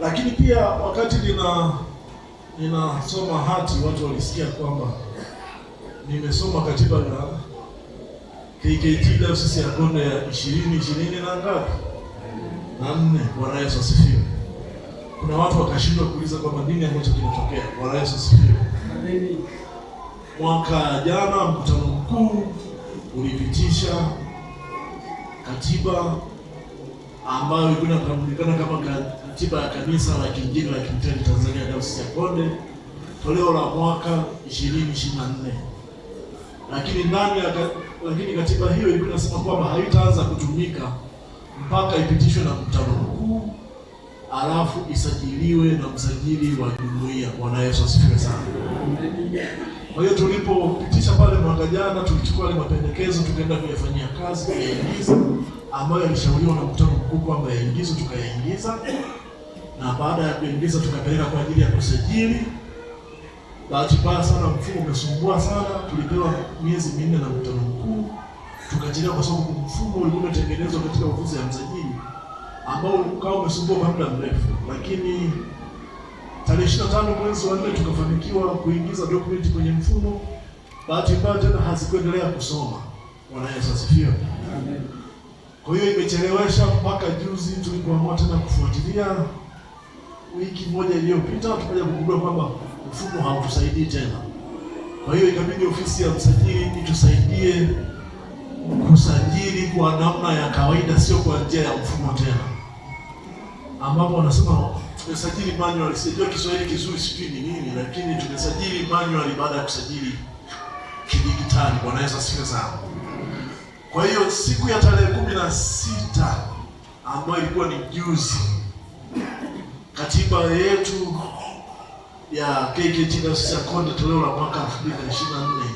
Lakini pia wakati nina ninasoma hati, watu walisikia kwamba nimesoma katiba ya KKT Dayosisi ya Konde ya ishirini ishirini na ngapi na nne. Bwana Yesu asifiwe. Kuna watu wakashindwa kuuliza kwamba nini ambacho kinatokea. Bwana Yesu asifiwe. Mwaka jana mkutano mkuu ulipitisha katiba ambayo ilikuwa inatambulikana kama katiba ya kanisa la Kiinjili la Kilutheri Tanzania Dayosisi ya Konde toleo la mwaka 2024 lakini ndani ya lakini katiba hiyo ilikuwa inasema kwamba haitaanza kutumika mpaka ipitishwe na mkutano mkuu alafu isajiliwe na msajili wa jumuiya. Bwana Yesu asifiwe sana. Kwa hiyo tulipopitisha pale mwaka jana, tulichukua yale mapendekezo tukaenda kuyafanyia kazi, kuyaingiza ambayo yalishauriwa na mkutano mkuu kwamba yaingizwe, tukayaingiza na baada ya kuingiza tukapeleka kwa ajili ya kusajili. Bahati mbaya sana mfumo umesumbua sana, tulipewa miezi minne na mkutano mkuu tukachelewa, kwa sababu mfumo ulikuwa umetengenezwa katika ofisi ya msajili ambao ukawa umesumbua kwa muda mrefu, lakini Tarehe 25 mwezi wa 4 tukafanikiwa kuingiza dokumenti kwenye mfumo. Bahati mbaya tena hazikuendelea kusoma. Bwana Yesu asifiwe. Kwa hiyo imechelewesha mpaka juzi tulipoamua tena kufuatilia. Wiki moja iliyopita tukaja kugundua kwamba mfumo hautusaidii tena. Kwa hiyo ikabidi ofisi ya msajili itusaidie kusajili kwa namna ya kawaida, sio kwa njia ya mfumo tena, ambapo wanasema tumesajili manual, sijui Kiswahili kizuri sijui ni nini, lakini tumesajili manual baada ya kusajili kidigitali. Bwana Yesu asifiwe sana. Kwa hiyo siku ya tarehe kumi na sita ambayo ilikuwa ni juzi, katiba yetu ya KKKT toleo la mwaka 2024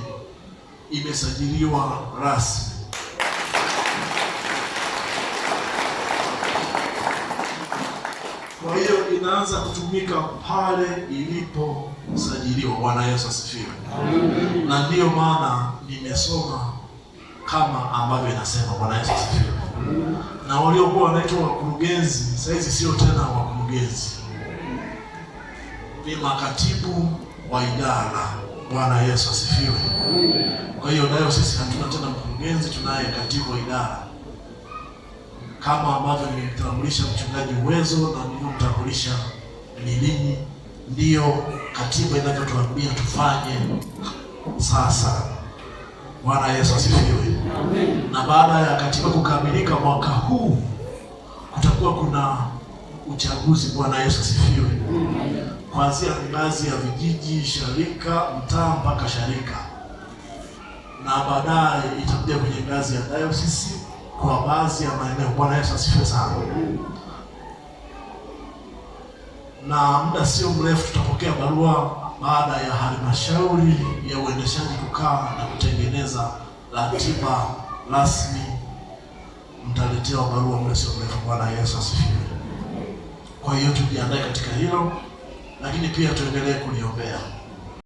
imesajiliwa rasmi inaanza kutumika pale iliposajiliwa. Bwana Yesu asifiwe. Na ndiyo maana nimesoma kama ambavyo inasema. Bwana Yesu asifiwe. Na waliokuwa wanaitwa wakurugenzi saa sio tena wakurugenzi, ni makatibu wa idara. Bwana Yesu asifiwe. Kwa hiyo nayo sisi hatuna tena mkurugenzi, tunaye katibu wa idara kama ambavyo nilimtambulisha mchungaji Uwezo na nilimtambulisha ni nini ndiyo katiba inavyotuambia tufanye. Sasa Bwana Yesu asifiwe. Na baada ya katiba kukamilika mwaka huu kutakuwa kuna uchaguzi. Bwana Yesu asifiwe. Kuanzia ngazi ya vijiji, sharika, mtaa mpaka sharika, na baadaye itakuja kwenye ngazi ya dayosisi kwa baadhi ya maeneo. Bwana Yesu asifiwe sana. Na muda sio mrefu tutapokea barua baada ya halmashauri ya uendeshaji kukaa na kutengeneza ratiba rasmi, mtaletewa barua muda sio mrefu. Bwana Yesu asifiwe. Kwa hiyo tujiandae katika hilo, lakini pia tuendelee kuliombea.